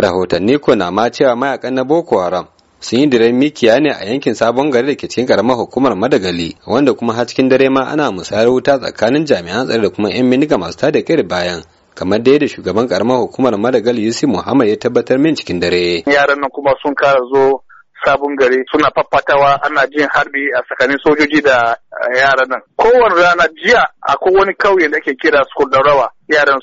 rahotanni ko na ma cewa mayakan na boko haram sun yi diren mikiya ne a yankin sabon gari da ke cikin karamar hukumar madagali wanda kuma har cikin dare ma ana musayar wuta tsakanin jami'an tsare da kuma yan minika masu da kai bayan kamar dai da shugaban karamar hukumar madagali yusuf muhammad ya tabbatar min cikin dare yaran nan kuma sun kara zo sabon gari suna faffatawa ana jin harbi a tsakanin sojoji da eh, yaran nan kowane rana jiya akwai wani kauye da ake kira sukur yaran rawa yaran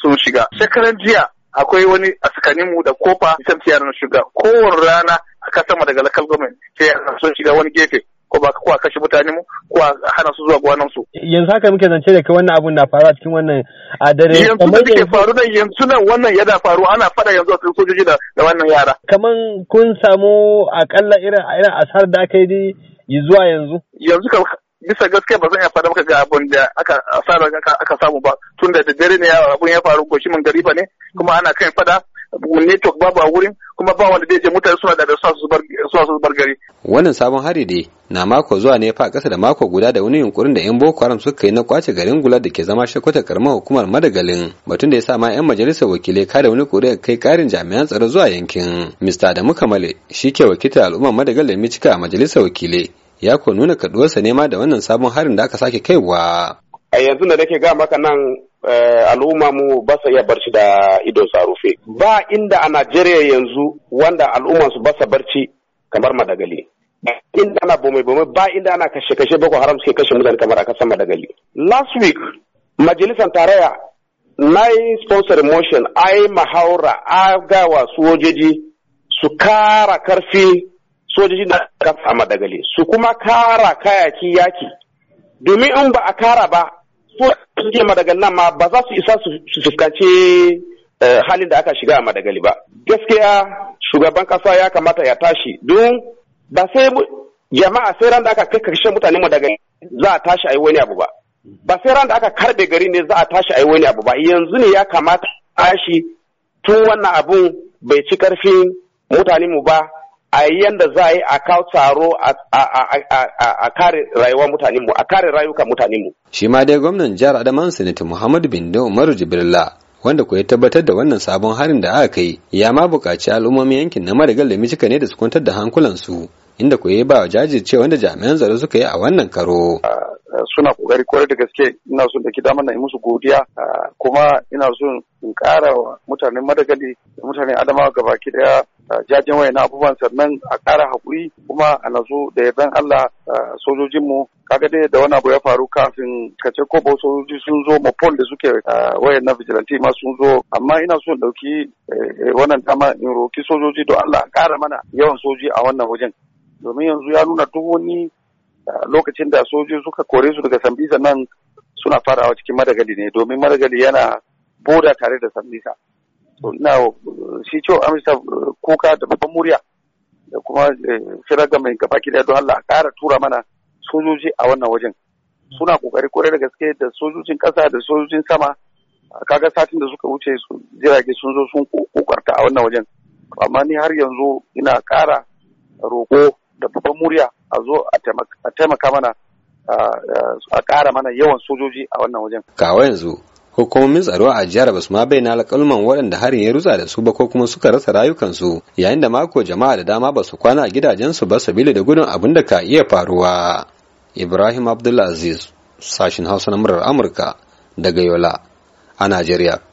sun shiga shekaran jiya akwai wani a tsakanin mu da kofa isan tiyar na shiga kowane rana a kasa daga local government sai son shiga wani gefe ko ba ko a kashe mutane mu ko a hana su zuwa gwanan su yanzu haka muke zance da kai wannan abun na faruwa cikin wannan a dare yanzu da ke faru nan yanzu nan wannan yana faru ana fada yanzu a sojoji da da wannan yara kaman kun samu akalla irin irin asar da aka yi zuwa yanzu yanzu bisa gaskiya ba zan iya faɗa maka ga abun da aka asara aka samu ba tun da dare ne abun ya faru ko shi mun ba ne kuma ana kan fada network babu a wurin kuma ba wanda zai je mutane suna da suna su bar gari. Wannan sabon hari dai na mako zuwa ne fa kasa da mako guda da wani yunkurin da 'yan Boko Haram suka yi na kwace garin Gula da ke zama shakwata karamar hukumar Madagalin batun da ya sa ma 'yan majalisar wakilai kada wani ƙuri'a kai karin jami'an tsaro zuwa yankin. Mr. Adamu Kamale shi ke wakiltar al'ummar ya Micika a majalisar wakilai ya ko nuna kaduwarsa nema da wannan sabon harin da aka sake kaiwa. a yanzu da nake ga maka nan Eh, al'umma mu ba sa iya barci da ido sa rufe ba inda a Najeriya yanzu wanda al'umman su ba sa barci kamar madagali inda ana bome bome ba inda ana kashe kashe boko haram suke kashe mutane kamar a kasar madagali last week majalisar tarayya na yi sponsor motion yi mahaura a gawa sojoji su kara karfi sojoji na kasa madagali su kuma kara kayaki yaki domin in ba a kara ba ko sun je ma ba za su isa su fuskanci eh, halin da aka shiga a madagali ba gaskiya shugaban kasa ya kamata ya tashi don ba sai jama'a sai ran da aka kai karshen mutane madagali za a tashi a yi wani abu ba ba sai ran da aka karbe gari ne za a tashi a yi wani abu ba yanzu ne ya kamata tashi tun wannan abun bai ci karfin mutane mu ba a yi yanda za a yi a kawo tsaro a kare rayuwar mutanenmu a kare rayukan mutanenmu. shi ma dai gwamnan jihar Adaman sanata muhammadu bindo umaru jibrila wanda ku tabbatar da wannan sabon harin da aka kai, ya ma buƙaci al'ummomin yankin na marigal da mijika ne da su kwantar da hankulansu inda ku ya ba wa jajirce wanda jami'an tsaro suka yi a wannan karo. suna kokari kwarai da gaske ina son da damar na yi musu godiya kuma ina son in ƙara wa mutanen madagali da mutanen adamawa gabaki daya jajen wayan abubuwan sannan a kara haƙuri kuma a nazo da yardan Allah sojojinmu kaga dai da wani abu ya faru kafin ka ce ko sojoji sun zo mafol da suke wayan na vigilante ma sun zo amma ina so in ɗauki e, e, wannan dama in roki sojoji don Allah a ƙara mana yawan soji a wannan wajen domin yanzu ya nuna duk wani lokacin da sojoji suka kore su daga sambisa nan suna farawa cikin madagali ne domin madagali yana boda tare da sambisa na shi ciwon amsa uh, kuka da babban murya da kuma shirar eh, ga mai gaba gida don Allah ƙara tura mana sojoji a wannan wajen suna kokari kwarai da gaske da sojojin kasa da sojojin sama kaga satin da suka wuce jirage sun zo sun kokarta a wannan wajen amma ni har yanzu ina ƙara roƙo da babban murya a zo a taimaka mana a ƙara mana yawan sojoji a wannan wajen. Kawo yanzu hukumomin tsaro a jihar basu ma bayyana alƙalman waɗanda harin ya rutsa da su ba ko kuma suka rasa rayukansu yayin da mako jama'a da dama ba su kwana a gidajensu ba sabili da gudun abin da ka iya faruwa ibrahim abdulaziz sashin hausa na murar amurka daga yola a najeriya